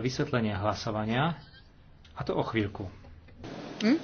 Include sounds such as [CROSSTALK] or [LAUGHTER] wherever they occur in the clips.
vysvetlenie hlasovania, a to o chvíľku. Hm?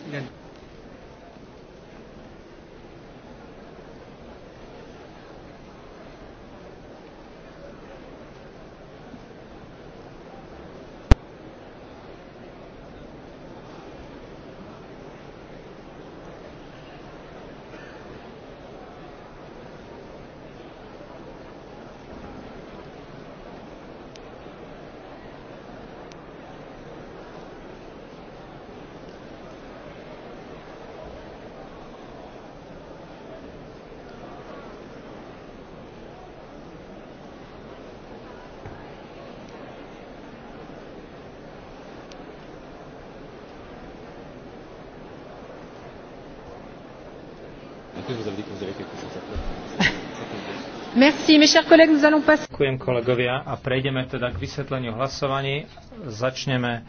Ďakujem kolegovia a prejdeme teda k vysvetleniu hlasovaní. Začneme eh,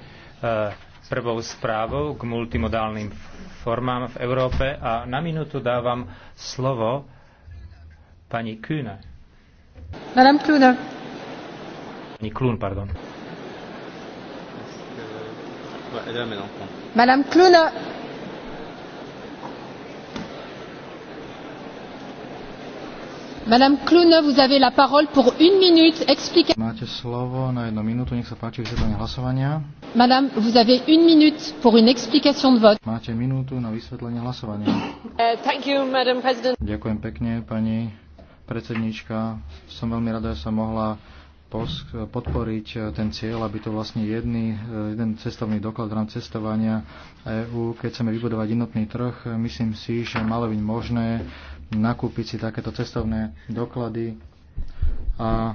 prvou správou k multimodálnym formám v Európe a na minútu dávam slovo pani Kühne. Madame Kühne. Pani Klun, pardon. Madame Kühne. Madame vous avez la parole pour une minute. Máte slovo na jednu minútu, nech sa páči vysvetlenie hlasovania. Madame, vous avez une minute pour une explication de vote. Máte minútu na vysvetlenie hlasovania. Uh, thank you, Madam President. Ďakujem pekne, pani predsednička. Som veľmi rada, že som mohla podporiť uh, ten cieľ, aby to vlastne jedný, uh, jeden cestovný doklad v rámci cestovania EÚ, keď chceme vybudovať jednotný trh, myslím si, že malo byť možné nakúpiť si takéto cestovné doklady a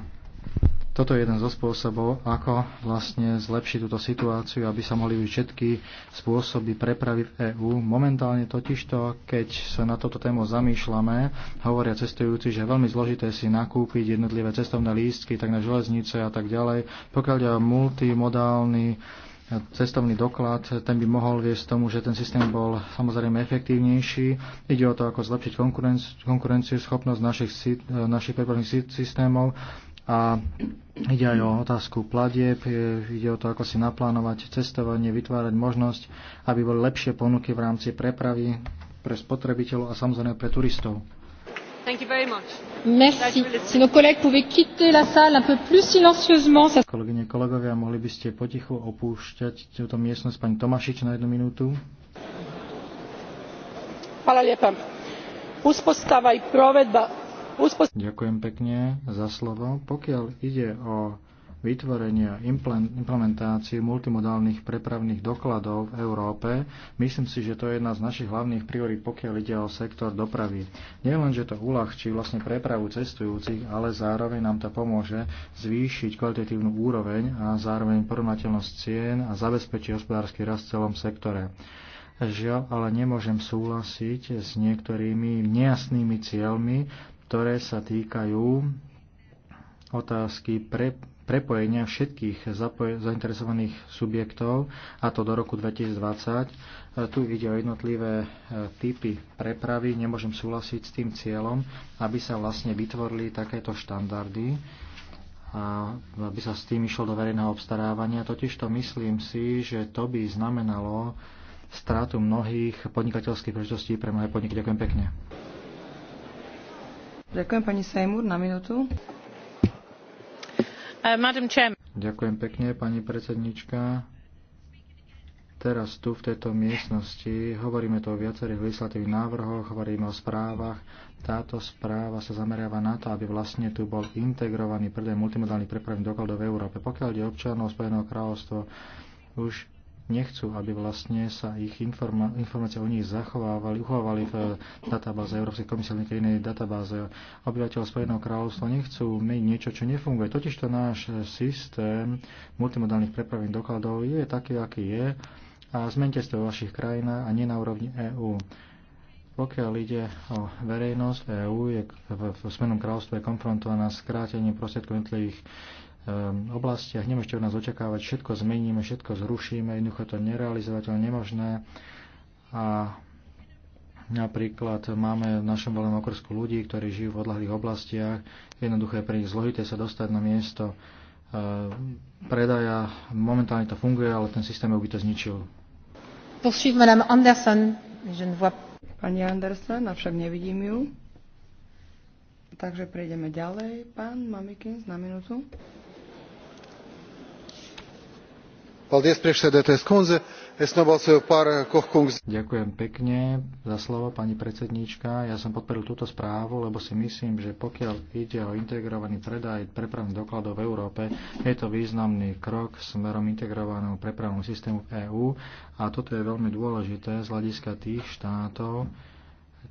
toto je jeden zo spôsobov, ako vlastne zlepšiť túto situáciu, aby sa mohli všetky spôsoby prepravy v EÚ. Momentálne totižto, keď sa na toto tému zamýšľame, hovoria cestujúci, že je veľmi zložité si nakúpiť jednotlivé cestovné lístky, tak na železnice a tak ďalej. Pokiaľ je multimodálny cestovný doklad, ten by mohol viesť tomu, že ten systém bol samozrejme efektívnejší. Ide o to, ako zlepšiť konkurenci konkurenciu, schopnosť našich, našich prepravných systémov a ide aj o otázku platieb, ide o to, ako si naplánovať cestovanie, vytvárať možnosť, aby boli lepšie ponuky v rámci prepravy pre spotrebiteľov a samozrejme pre turistov. Merci. Si nos collègues pouvaient quitter la salle un peu plus silencieusement. Kolegyne, kolegovia, mohli by ste potichu opúšťať túto miestnosť pani Tomašič na jednu minútu. Hvala lijepa. Uspostava i provedba. Ďakujem pekne za slovo. Pokiaľ ide o vytvorenia, implementáciu multimodálnych prepravných dokladov v Európe. Myslím si, že to je jedna z našich hlavných priorít, pokiaľ ide o sektor dopravy. Nielen, že to uľahčí vlastne prepravu cestujúcich, ale zároveň nám to pomôže zvýšiť kvalitatívnu úroveň a zároveň porovnateľnosť cien a zabezpečí hospodársky rast v celom sektore. Žiaľ, ale nemôžem súhlasiť s niektorými nejasnými cieľmi, ktoré sa týkajú otázky pre, prepojenia všetkých zainteresovaných subjektov, a to do roku 2020. E, tu ide o jednotlivé e, typy prepravy. Nemôžem súhlasiť s tým cieľom, aby sa vlastne vytvorili takéto štandardy a aby sa s tým išlo do verejného obstarávania. Totižto myslím si, že to by znamenalo strátu mnohých podnikateľských príležitostí pre mnohé podniky. Ďakujem pekne. Ďakujem pani Sejmur na minútu. Uh, Ďakujem pekne, pani predsednička. Teraz tu v tejto miestnosti hovoríme tu o viacerých legislatívnych návrhoch, hovoríme o správach. Táto správa sa zameriava na to, aby vlastne tu bol integrovaný predaj multimodálnych prepravných dokladov v Európe. Pokiaľ ide občanov Spojeného kráľovstva, už nechcú, aby vlastne sa ich informa- informácie o nich zachovávali, uchovávali v eh, databáze Európskej komisie alebo inej databáze. Obyvateľov Spojeného kráľovstva nechcú meniť niečo, čo nefunguje. Totiž to náš eh, systém multimodálnych prepravných dokladov je taký, aký je a zmente to vo vašich krajinách a nie na úrovni EÚ. Pokiaľ ide o verejnosť, EÚ je v, v Smenom kráľovstve konfrontovaná s krátením prostriedkov jednotlivých Um, oblastiach. Nemôžete od nás očakávať, všetko zmeníme, všetko zrušíme, jednoducho to nerealizovateľné, nemožné. A Napríklad máme v našom veľom okresku ľudí, ktorí žijú v odlahlých oblastiach. Jednoduché je pre nich zložité sa dostať na miesto uh, predaja. Momentálne to funguje, ale ten systém by to zničil. Pani Anderson, avšak nevidím ju. Takže prejdeme ďalej. Pán Mamikins na minútu. Eh, Ďakujem pekne za slovo, pani predsedníčka. Ja som podporil túto správu, lebo si myslím, že pokiaľ ide o integrovaný predaj prepravných dokladov v Európe, je to významný krok smerom integrovaného prepravného systému v EÚ a toto je veľmi dôležité z hľadiska tých štátov,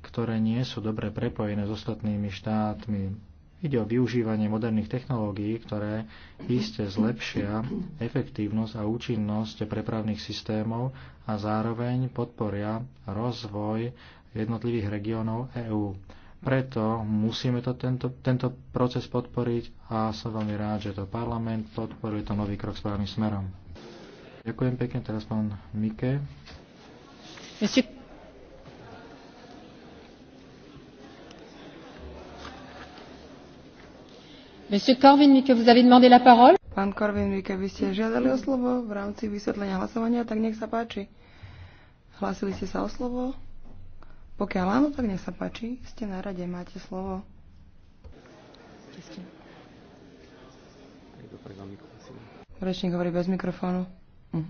ktoré nie sú dobre prepojené s ostatnými štátmi Ide o využívanie moderných technológií, ktoré iste zlepšia efektívnosť a účinnosť prepravných systémov a zároveň podporia rozvoj jednotlivých regiónov EÚ. Preto musíme to, tento, tento proces podporiť a som veľmi rád, že to parlament podporuje to nový krok správnym smerom. Ďakujem pekne, teraz pán Mike. Monsieur Pán Korvin Mikke, vy ste žiadali o slovo v rámci vysvetlenia hlasovania, tak nech sa páči. Hlasili ste sa o slovo? Pokiaľ áno, tak nech sa páči. Ste na rade, máte slovo. Rečník hovorí bez mikrofónu. Hm.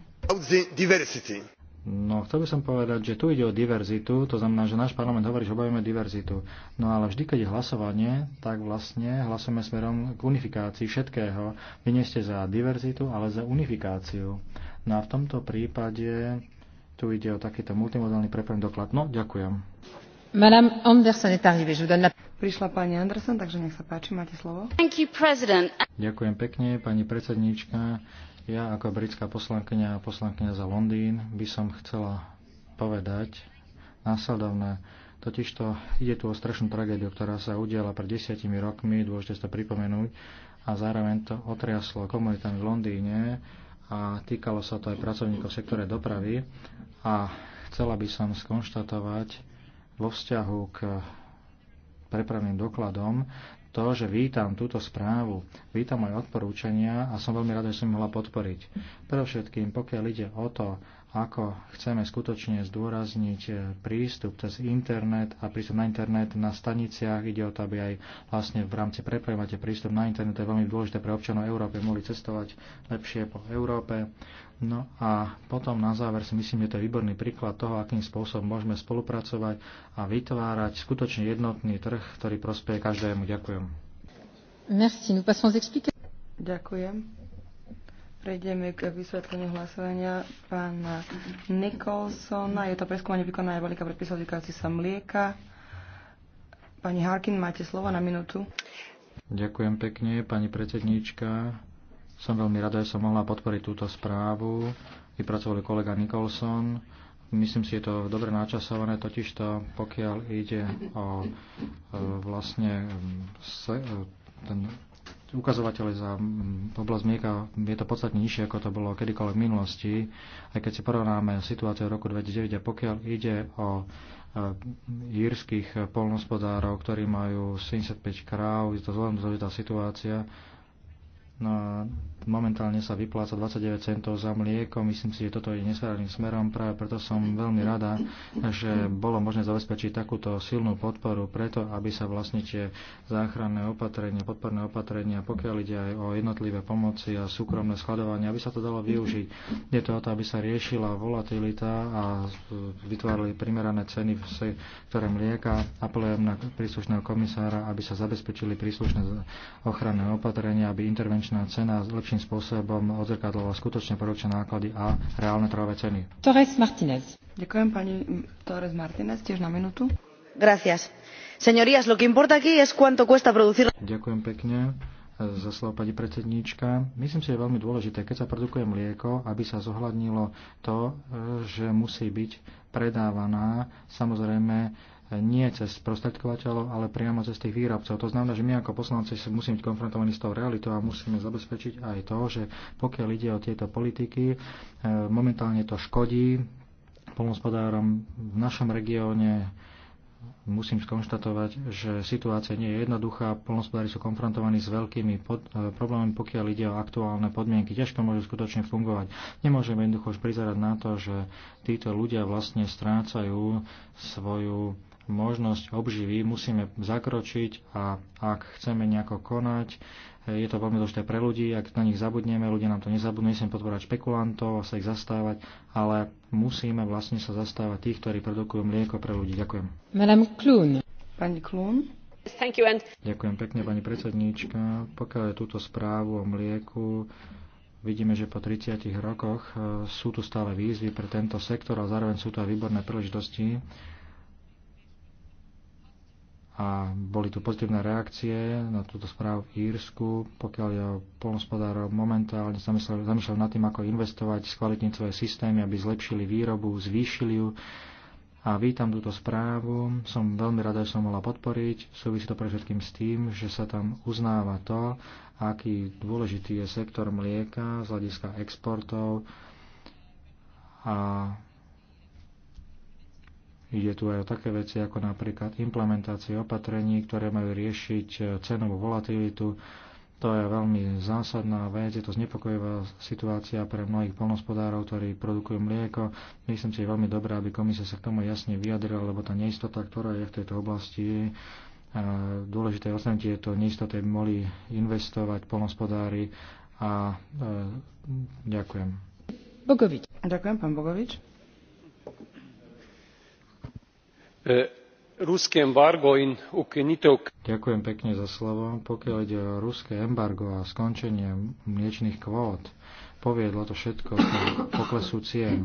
No, chcel by som povedať, že tu ide o diverzitu, to znamená, že náš parlament hovorí, že obavíme diverzitu. No ale vždy, keď je hlasovanie, tak vlastne hlasujeme smerom k unifikácii všetkého. Vy nie ste za diverzitu, ale za unifikáciu. No a v tomto prípade tu ide o takýto multimodálny prepojený doklad. No, ďakujem. Madame Anderson est arrivée. Je vous donne la... Prišla pani Anderson, takže nech sa páči, máte slovo. Thank you, president. Ďakujem pekne, pani predsedníčka. Ja ako britská poslankyňa a poslankyňa za Londýn by som chcela povedať následovné. Totižto ide tu o strašnú tragédiu, ktorá sa udiala pred desiatimi rokmi, dôležité to pripomenúť, a zároveň to otriaslo komunitami v Londýne a týkalo sa to aj pracovníkov v sektore dopravy. A chcela by som skonštatovať vo vzťahu k prepravným dokladom to, že vítam túto správu, vítam moje odporúčania a som veľmi rada, že som mohla podporiť. Predovšetkým, pokiaľ ide o to, ako chceme skutočne zdôrazniť eh, prístup cez internet a prístup na internet na staniciach. Ide o to, aby aj vlastne v rámci prepoja máte prístup na internet. To je veľmi dôležité pre občanov Európy, mohli cestovať lepšie po Európe. No a potom na záver si myslím, že to je výborný príklad toho, akým spôsobom môžeme spolupracovať a vytvárať skutočne jednotný trh, ktorý prospeje každému. Ďakujem. Merci. Nous passons Ďakujem. Prejdeme k vysvetleniu hlasovania pána Nicholsona. Je to preskúmanie vykonania balíka predpisov týkajúci sa mlieka. Pani Harkin, máte slovo na minútu. Ďakujem pekne, pani predsedníčka. Som veľmi rada, že som mohla podporiť túto správu. Vypracovali kolega Nicholson. Myslím si, je to dobre načasované, totižto pokiaľ ide o e, vlastne e, se, e, ten ukazovatele za mm, oblasť mlieka je to podstatne nižšie, ako to bolo kedykoľvek v minulosti. Aj keď si porovnáme situáciu v roku 2009 a pokiaľ ide o jírskych e, polnospodárov, ktorí majú 75 kráv, je to veľmi zložitá situácia No a momentálne sa vypláca 29 centov za mlieko. Myslím si, že toto je nesprávnym smerom. Práve preto som veľmi rada, že bolo možné zabezpečiť takúto silnú podporu preto, aby sa vlastne tie záchranné opatrenia, podporné opatrenia, pokiaľ ide aj o jednotlivé pomoci a súkromné skladovanie, aby sa to dalo využiť. Je to o to, aby sa riešila volatilita a vytvárali primerané ceny v mlieka. Apelujem na príslušného komisára, aby sa zabezpečili príslušné ochranné opatrenia, aby intervenčné referenčná cena lepším spôsobom odzrkadlova skutočne produkčné náklady a reálne trhové ceny. Torres Martinez. Ďakujem pani Torres Martinez, tiež na minútu. Gracias. Señorías, lo que importa aquí es cuánto cuesta producir... Ďakujem pekne eh, za slovo pani predsedníčka. Myslím si, že je veľmi dôležité, keď sa produkuje mlieko, aby sa zohľadnilo to, eh, že musí byť predávaná samozrejme nie cez prostredkovateľov, ale priamo cez tých výrobcov. To znamená, že my ako poslanci sa musíme byť konfrontovaní s tou realitou a musíme zabezpečiť aj to, že pokiaľ ide o tieto politiky, e, momentálne to škodí polnospodárom v našom regióne, musím skonštatovať, že situácia nie je jednoduchá. Polnospodári sú konfrontovaní s veľkými pod, e, problémami, pokiaľ ide o aktuálne podmienky. Ťažko môžu skutočne fungovať. Nemôžeme jednoducho už prizerať na to, že títo ľudia vlastne strácajú svoju možnosť obživy, musíme zakročiť a ak chceme nejako konať, eh, je to veľmi dôležité pre ľudí, ak na nich zabudneme, ľudia nám to nezabudnú, nesmieme podporovať špekulantov a sa ich zastávať, ale musíme vlastne sa zastávať tých, ktorí produkujú mlieko pre ľudí. Ďakujem. Madame Klun. Pani Klun. Thank you and... Ďakujem pekne, pani predsedníčka. Pokiaľ je túto správu o mlieku, vidíme, že po 30 rokoch eh, sú tu stále výzvy pre tento sektor a zároveň sú tu aj výborné príležitosti a boli tu pozitívne reakcie na túto správu v Írsku. Pokiaľ je ja polnospodárov momentálne zamýšľajú nad tým, ako investovať, skvalitniť svoje systémy, aby zlepšili výrobu, zvýšili ju. A vítam túto správu. Som veľmi rada, že som mohla podporiť. Súvisí to pre všetkým s tým, že sa tam uznáva to, aký dôležitý je sektor mlieka z hľadiska exportov a Ide tu aj o také veci ako napríklad implementácie opatrení, ktoré majú riešiť e, cenovú volatilitu. To je veľmi zásadná vec, je to znepokojivá situácia pre mnohých polnospodárov, ktorí produkujú mlieko. Myslím si, že je veľmi dobré, aby komisia sa k tomu jasne vyjadrila, lebo tá neistota, ktorá je v tejto oblasti, e, dôležité je tieto neistoty, aby mohli investovať polnospodári a e, ďakujem. Bogovič. Ďakujem, pán Bogovič. E, ruské embargo in ukinitev. Ďakujem pekne za slovo. Pokiaľ ide o ruské embargo a skončenie mliečných kvót, poviedlo to všetko k poklesu cien.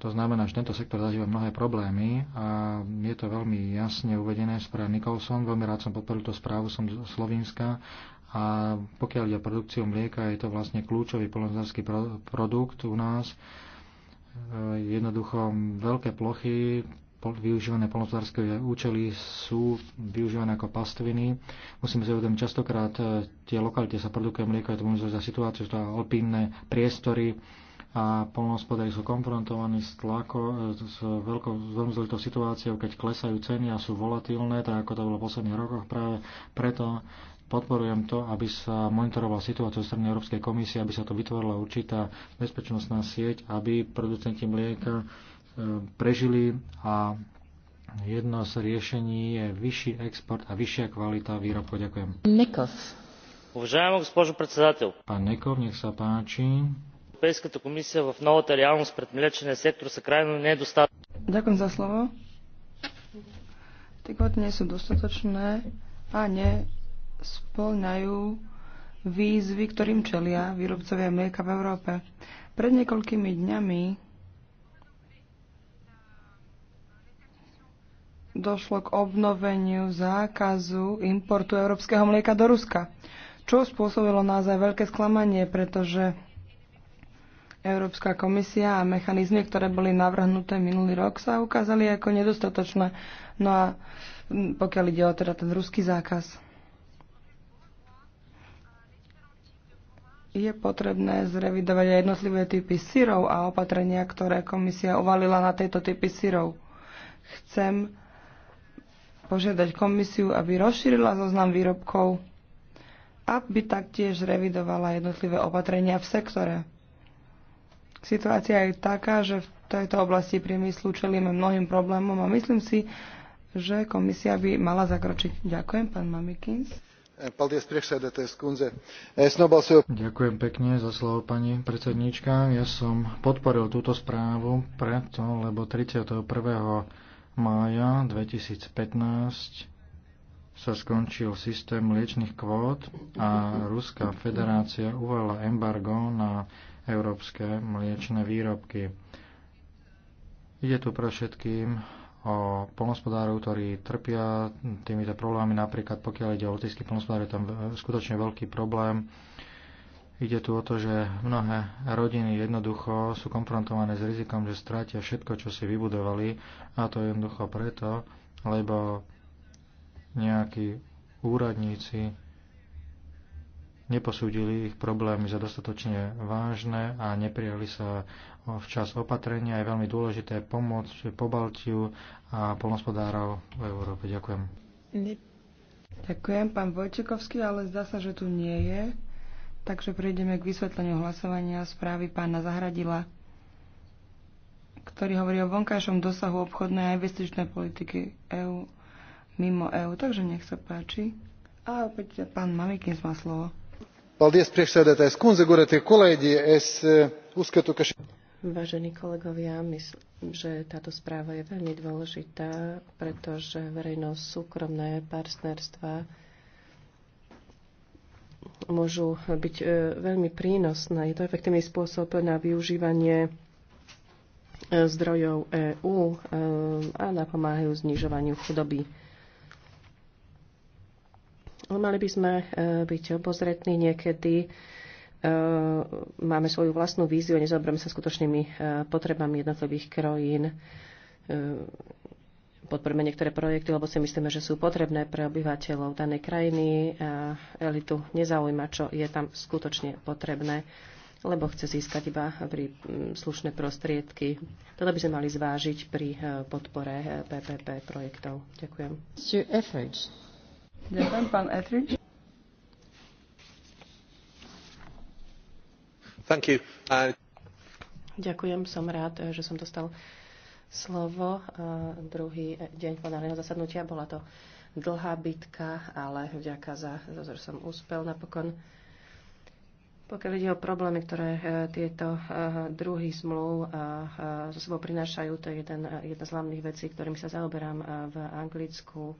To znamená, že tento sektor zažíva mnohé problémy a je to veľmi jasne uvedené v správe Nicholson. Veľmi rád som podporil tú správu, som z Slovenska a pokiaľ ide o produkciu mlieka, je to vlastne kľúčový polnohospodársky produkt u nás. E, jednoducho veľké plochy využívané polnospodárske účely sú využívané ako pastviny. Musíme si uvedomiť, častokrát e, tie lokality sa produkuje mlieko, je to možno za situáciu, že to alpínne priestory a polnospodári sú konfrontovaní s, tlakom, e, s, veľkou, veľmi zlitou situáciou, keď klesajú ceny a sú volatilné, tak ako to bolo v posledných rokoch práve preto, podporujem to, aby sa monitorovala situácia zo strany Európskej komisie, aby sa to vytvorila určitá bezpečnostná sieť, aby producenti mlieka prežili a jedno z riešení je vyšší export a vyššia kvalita výrobku. Ďakujem. Nekov. Уважаема госпожо председател. Пан Неков, нех са панчи. Европейската комисия в новата реалност пред млечния сектор са крайно недостатъчни. Ďakujem za slovo. Tie kvóty nie sú dostatočné a nesplňajú výzvy, ktorým čelia výrobcovia mlieka v Európe. Pred niekoľkými dňami došlo k obnoveniu zákazu importu európskeho mlieka do Ruska, čo spôsobilo naozaj veľké sklamanie, pretože Európska komisia a mechanizmy, ktoré boli navrhnuté minulý rok, sa ukázali ako nedostatočné. No a pokiaľ ide o teda ten ruský zákaz. je potrebné zrevidovať aj jednotlivé typy syrov a opatrenia, ktoré komisia uvalila na tieto typy syrov. Chcem požiadať komisiu, aby rozšírila zoznam výrobkov, aby taktiež revidovala jednotlivé opatrenia v sektore. Situácia je taká, že v tejto oblasti priemyslu čelíme mnohým problémom a myslím si, že komisia by mala zakročiť. Ďakujem, pán Mamikins. Ďakujem pekne za slovo, pani predsedníčka. Ja som podporil túto správu preto, lebo 31 mája 2015 sa skončil systém mliečných kvót a Ruská federácia uvala embargo na európske mliečne výrobky. Ide tu pre všetkým o polnospodárov, ktorí trpia týmito problémami, napríklad pokiaľ ide o lotických polnospodárov, je tam skutočne veľký problém Ide tu o to, že mnohé rodiny jednoducho sú konfrontované s rizikom, že strátia všetko, čo si vybudovali a to jednoducho preto, lebo nejakí úradníci neposúdili ich problémy za dostatočne vážne a neprijali sa včas opatrenia. Je veľmi dôležité pomôcť po Baltiu a polnospodárov v Európe. Ďakujem. Ďakujem, pán Vojčekovský, ale zdá sa, že tu nie je. Takže prejdeme k vysvetleniu hlasovania správy pána Zahradila, ktorý hovorí o vonkajšom dosahu obchodnej a investičnej politiky EÚ mimo EÚ. Takže nech sa páči. A opäť pán Malikins má slovo. Eh, Vážení kolegovia, myslím, že táto správa je veľmi dôležitá, pretože verejnosť súkromné partnerstva môžu byť e, veľmi prínosné. Je to efektívny spôsob na využívanie e, zdrojov EÚ e, a napomáhajú znižovaniu chudoby. Mali by sme byť obozretní niekedy. Máme svoju vlastnú víziu a sa skutočnými potrebami jednotlivých krajín podporíme niektoré projekty, lebo si myslíme, že sú potrebné pre obyvateľov danej krajiny. A elitu nezaujíma, čo je tam skutočne potrebné, lebo chce získať iba pri slušné prostriedky. Toto by sme mali zvážiť pri e, podpore PPP e, projektov. Ďakujem. Ďakujem, pán Etheridge. Thank you. Uh... Ďakujem, som rád, e, že som dostal slovo. E, druhý deň plenárneho zasadnutia bola to dlhá bitka, ale vďaka za to, že som úspel napokon. Pokiaľ ide o problémy, ktoré e, tieto e, druhy zmluv so sebou prinášajú, to je jeden, jedna z hlavných vecí, ktorými sa zaoberám v Anglicku.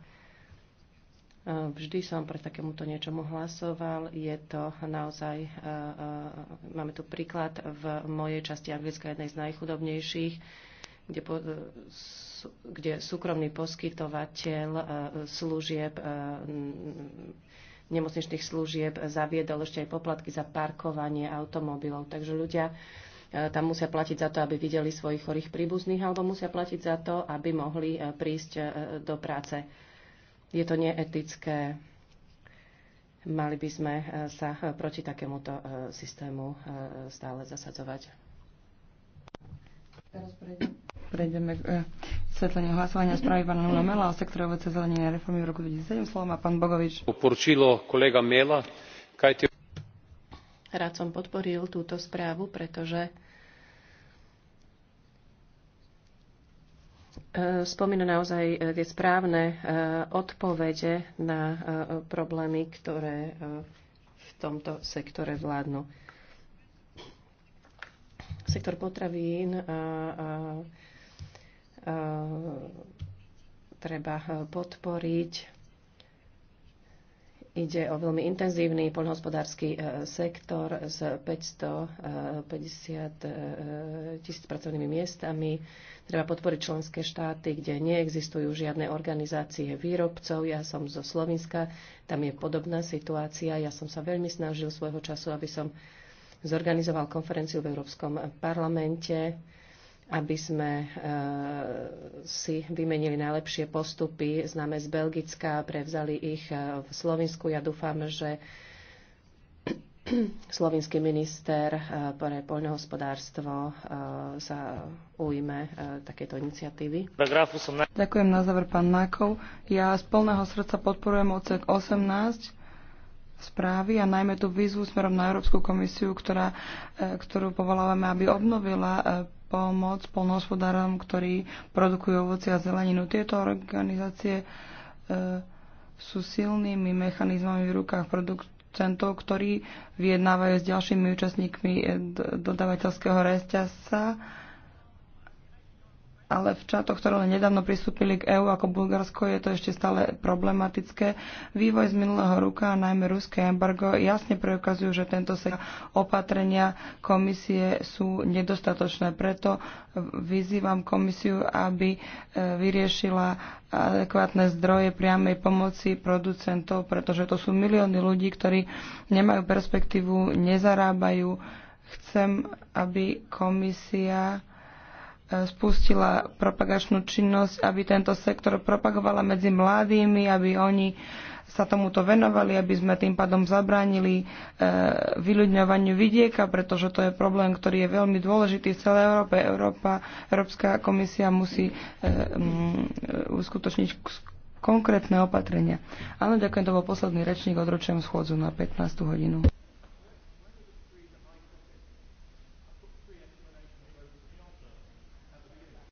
Vždy som pre takémuto niečomu hlasoval. Je to naozaj, máme tu príklad v mojej časti Anglicka jednej z najchudobnejších kde, kde súkromný poskytovateľ e, služieb, e, nemocničných služieb zaviedol ešte aj poplatky za parkovanie automobilov. Takže ľudia e, tam musia platiť za to, aby videli svojich chorých príbuzných, alebo musia platiť za to, aby mohli prísť do práce. Je to neetické. Mali by sme sa proti takémuto systému stále zasadzovať. Teraz prejdem Prejdeme k e, svetleniu hlasovania správy pána Nuno Mela o ovoce cezelenine reformy v roku 2007. Slovo má pán Bogovič. Porčilo kolega Mela. Kajte... Rád som podporil túto správu, pretože e, spomína naozaj e, tie správne odpovede na problémy, ktoré v tomto sektore vládnu sektor potravín a, a Eh, treba podporiť. Ide o veľmi intenzívny poľnohospodársky eh, sektor s 550 eh, tisíc pracovnými miestami. Treba podporiť členské štáty, kde neexistujú žiadne organizácie výrobcov. Ja som zo Slovenska, tam je podobná situácia. Ja som sa veľmi snažil svojho času, aby som zorganizoval konferenciu v Európskom parlamente aby sme eh, si vymenili najlepšie postupy. Známe z Belgicka, prevzali ich eh, v Slovensku. Ja dúfam, že [CLEARS THROAT] slovinský minister eh, pre poľnohospodárstvo sa ujme takéto iniciatívy. Ďakujem na záver, pán Mákov. Ja z plného srdca podporujem odsek 18 správy a najmä tú výzvu smerom na Európsku komisiu, ktorá, ktorú povolávame, aby obnovila pomoc polnohospodárom, ktorí produkujú ovoci a zeleninu. Tieto organizácie e, sú silnými mechanizmami v rukách producentov, ktorí vyjednávajú s ďalšími účastníkmi e, dodavateľského reťazca ale v štátoch, ktoré len nedávno pristúpili k EÚ ako Bulgarsko, je to ešte stále problematické. Vývoj z minulého ruka a najmä ruské embargo jasne preukazujú, že tento sektor opatrenia komisie sú nedostatočné. Preto vyzývam komisiu, aby e, vyriešila adekvátne zdroje priamej pomoci producentov, pretože to sú milióny ľudí, ktorí nemajú perspektívu, nezarábajú. Chcem, aby komisia spustila propagačnú činnosť, aby tento sektor propagovala medzi mladými, aby oni sa tomuto venovali, aby sme tým pádom zabránili e, vyľudňovaniu vidieka, pretože to je problém, ktorý je veľmi dôležitý v celej Európe. Európa, Európska komisia musí e, e, uskutočniť konkrétne opatrenia. Áno, ďakujem, to bol posledný rečník, odročujem schôdzu na 15. hodinu.